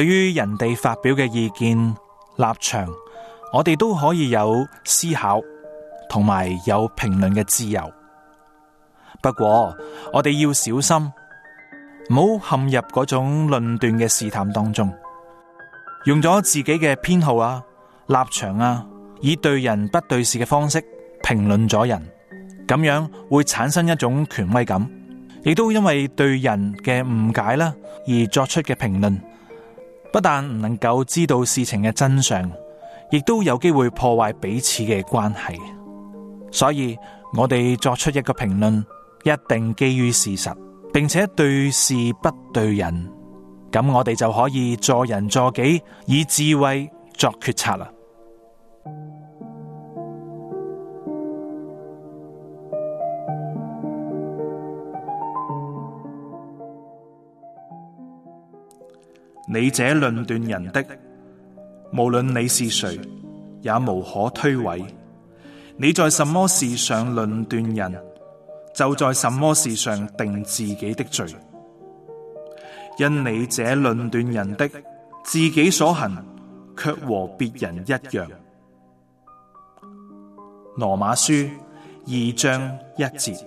對於人哋發表嘅意見、立場，我哋都可以有思考同埋有評論嘅自由。不過，我哋要小心，唔好陷入嗰種論斷嘅試探當中，用咗自己嘅偏好啊、立場啊，以對人不對事嘅方式評論咗人，咁樣會產生一種權威感，亦都因為對人嘅誤解啦而作出嘅評論。不但唔能夠知道事情嘅真相，亦都有機會破壞彼此嘅關係。所以，我哋作出一個評論，一定基於事實，並且對事不對人。咁我哋就可以助人助己，以智慧作決策啦。你這論斷人的，無論你是誰，也無可推諉。你在什麼事上論斷人，就在什麼事上定自己的罪。因你這論斷人的，自己所行，却和別人一樣。羅馬書二章一節。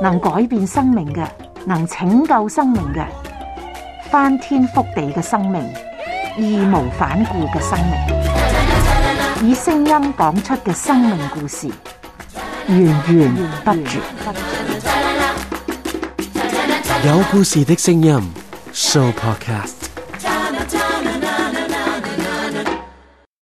能改變生命嘅，能拯救生命嘅，翻天覆地嘅生命，義無反顧嘅生命，以聲音講出嘅生命故事，源源不絕。有故事的聲音 Sooo Podcast。